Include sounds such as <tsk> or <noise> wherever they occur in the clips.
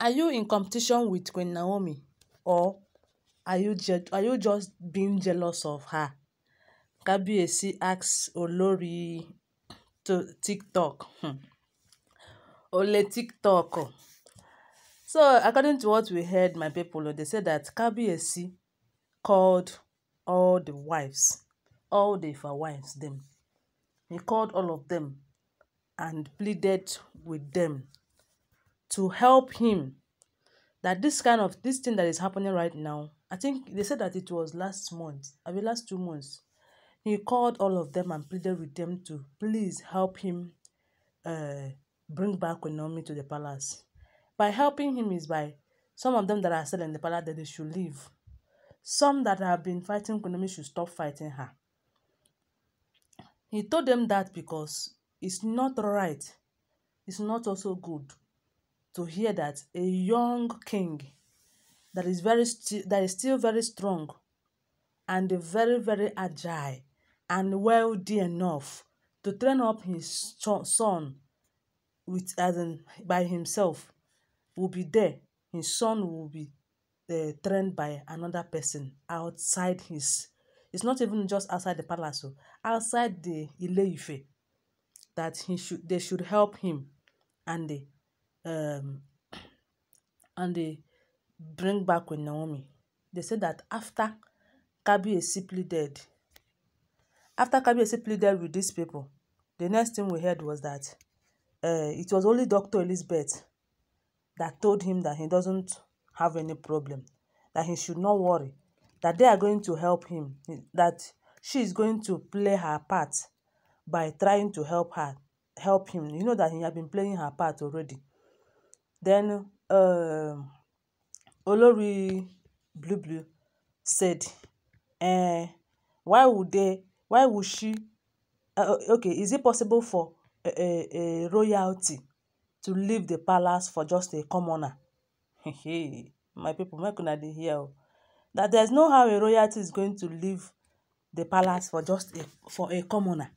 Are you in competition with Queen Naomi or are you je are you just being jealous of her? Kábíyèsí asks Olórí to TikTok. Hmm. Olè TikTok. So according to what we heard, my people, they said that Kábíyèsí called all the wives, all the Ifa wives, them. He called all of them and pleaded with them to help him that this kind of this thing that is happening right now i think they said that it was last month i mean last two months he called all of them and pleaded with them to please help him uh, bring back Konomi to the palace. By helping him is by some of them that are still in the palace that they should leave. Some that have been fighting Konomi should stop fighting her. He told them that because it's not right. It's not also good to hear that a young king that is very that is still very strong and very very agile and wealthy enough to train up his son with as in, by himself will be there his son will be uh, trained by another person outside his it's not even just outside the palace outside the Ileife that he should they should help him and they um, and they bring back with Naomi. They say that after is simply dead. after simply dead with these people, the next thing we heard was that uh, it was only Dr. Elizabeth that told him that he doesn't have any problem, that he should not worry, that they are going to help him, that she is going to play her part by trying to help her, help him. You know that he had been playing her part already. Then um Olori Blue Blue said, eh, why would they, why would she, uh, uh, okay, is it possible for a, a, a royalty to leave the palace for just a commoner? <laughs> Hey, my people, make una dey hear o. That there's no how a royalty is going to leave the palace for just a, for a commoner.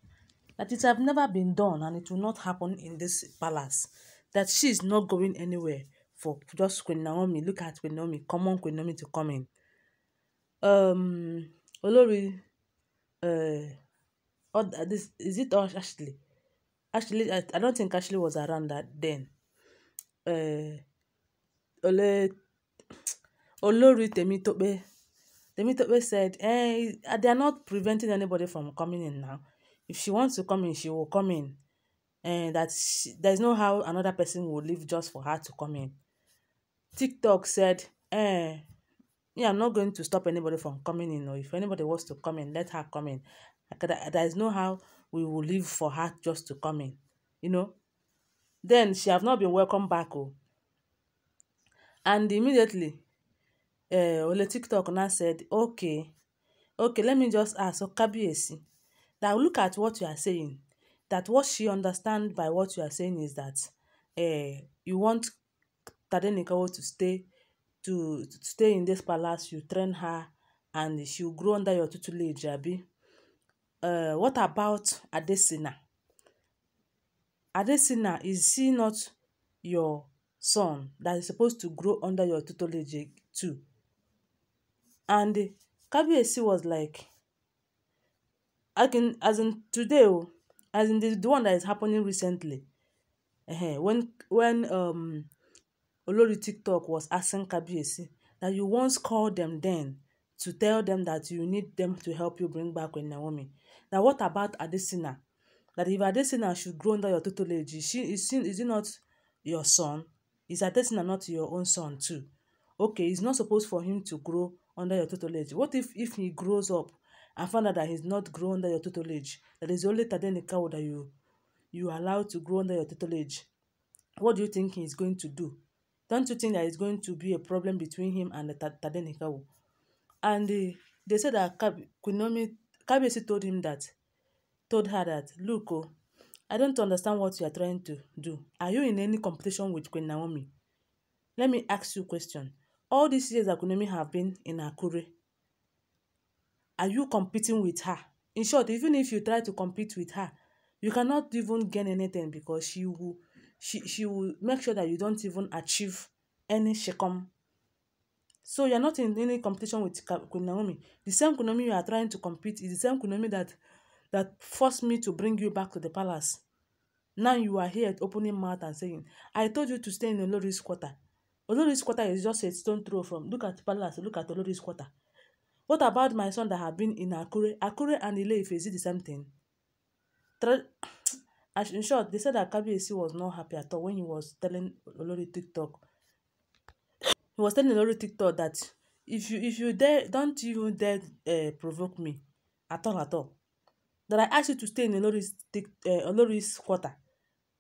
That it have never been done and it will not happen in this palace that she's not going anywhere for just Queen Naomi. Look at Queen Naomi. Come on, Queen Naomi to come in. Um, Olori, uh, or this is it or Ashley? Ashley, I, I don't think Ashley was around that then. Uh, Ole, Olori Temitope. Temitope said, eh, they are not preventing anybody from coming in now. If she wants to come in, she will come in and eh, that she, there's no how another person will leave just for her to come in. TikTok said, eh, yeah, I'm not going to stop anybody from coming in. Or if anybody wants to come in, let her come in. There is no how we will leave for her just to come in. You know. Then she have not been welcome back. Oh. And immediately, uh, Ole TikTok now said, okay, okay, let me just ask, so oh, Kabiyesi, now look at what you are saying that what she understand by what you are saying is that uh, you want Tadenikawo to stay to, to stay in this palace, you train her and she'll grow under your tutelage, Abi. Uh, what about Adesina? Adesina, is he not your son that is supposed to grow under your tutelage too? And Kabiyesi was like, I can, as in today, as in the, the one that is happening recently uh-huh. when when um olori tiktok was asking kabiyesi that you once called them then to tell them that you need them to help you bring back when Naomi now what about adesina that if adesina should grow under your tutelage is she is she is he not your son is adesina not your own son too okay it's not supposed for him to grow under your tutelage what if if he grows up and found out that he's not grown under your tutelage, that is only Tadeni cow that you you allow to grow under your tutelage, what do you think he's going to do? Don't you think that it's going to be a problem between him and Tadeni cow? And they said that Kab Kunomi told him that, told her that, look, oh, I don't understand what you are trying to do. Are you in any competition with Queen Naomi? Let me ask you a question. All these years that Kunomi have been in Akure, are you competing with her? In short, even if you try to compete with her, you cannot even gain anything because she will she she will make sure that you don't even achieve any shekom. So you're not in any competition with Queen The same Queen you are trying to compete is the same Queen that that forced me to bring you back to the palace. Now you are here opening mouth and saying, I told you to stay in the Olori's quarter. Olori's quarter is just a stone throw from look at palace, look at Olori's quarter. What about my son that have been in Akure? Akure and Ile-Ife, is it the same thing? <sniffs> in short, they said that Kabiyesi was not happy at all when he was telling Olori TikTok. He was telling Olori TikTok that if you if you dare don't even dare uh, provoke me at all at all. That I asked you to stay in Olori's uh, Olori's quarter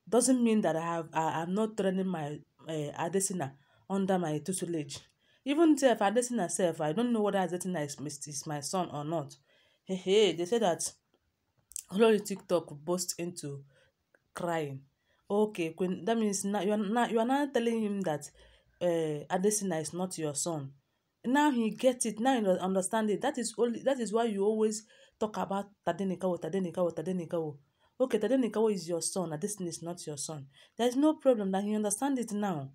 doesn't mean that I have I am not training my uh, Adesina under my tutelage. Even Tef Adesina herself, I don't know whether Adesina is, is my son or not. Hey, they say that all the TikTok burst into crying. Okay, Queen, that means now you are now you are now telling him that uh, Adesina is not your son. Now he gets it. Now he understand it. That is only that is why you always talk about Tadenikawo, Tadenikawo, Tadenikawo. Okay, Tadenikawo is your son. Adesina is not your son. There is no problem that he understand it now.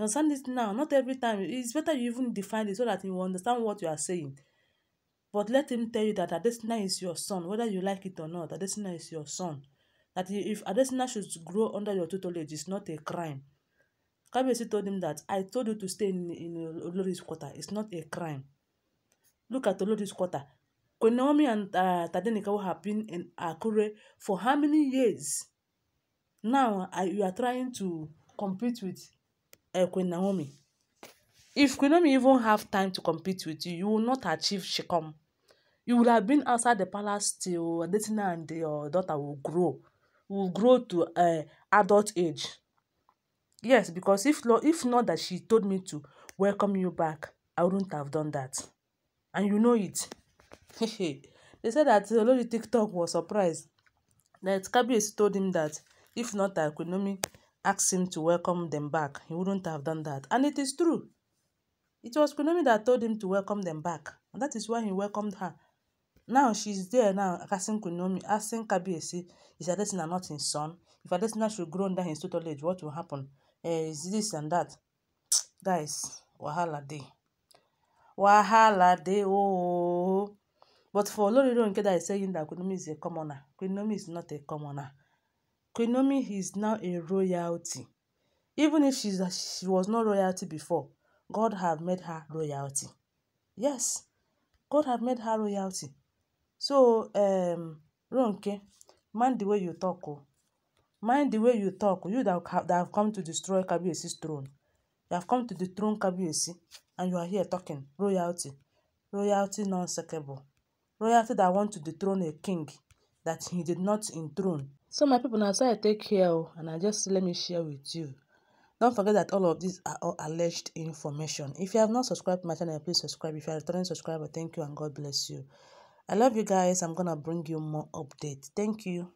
You understand this now, not every time. It's better you even define it so that you understand what you are saying. But let him tell you that Adesina is your son, whether you like it or not. Adesina is your son. That if Adesina should grow under your tutelage, it's not a crime. Kabiyesi told him that I told you to stay in, in Olori's quarter. It's not a crime. Look at Olori's quarter. Queen Naomi and uh, Tadenikawa have been in Akure for how many years? Now I, you are trying to compete with uh, Queen Naomi. If Queen Naomi even have time to compete with you, you will not achieve Shekom. You will have been outside the palace till Adetina and your daughter will grow, will grow to uh, adult age. Yes, because if, if not that she told me to welcome you back, I wouldn't have done that. And you know it. they said that Olori TikTok was surprised that Kabiyesi told him that if not that Queen Naomi asked him to welcome them back, he wouldn't have done that. And it is true. It was Kunomi that told him to welcome them back. And that is why he welcomed her. Now she's there now, asking Kunomi, asking Kabiesi, is Adesina not his son? If Adesina should grow under his total age, what will happen? Uh, is this and that? <tsk> Guys, wahala dey. Wahala dey, oh. But for Olori Ronke that is saying that Kunomi is a commoner, Kunomi is not a commoner. Konami is now a royalty. Even if she's she was not royalty before, God have made her royalty. Yes, God have made her royalty. So, um, Ronke, mind the way you talk. Oh. Mind the way you talk. You that have, that have come to destroy Kabiesi's throne. You have come to the throne Kabiesi and you are here talking royalty. Royalty non-sackable. Royalty that want to dethrone a king that he did not enthrone. So my people, now so I take care oh, and I just let me share with you. Don't forget that all of these are all alleged information. If you have not subscribed to my channel, please subscribe. If you are a returning subscriber, thank you and God bless you. I love you guys. I'm going to bring you more updates. Thank you.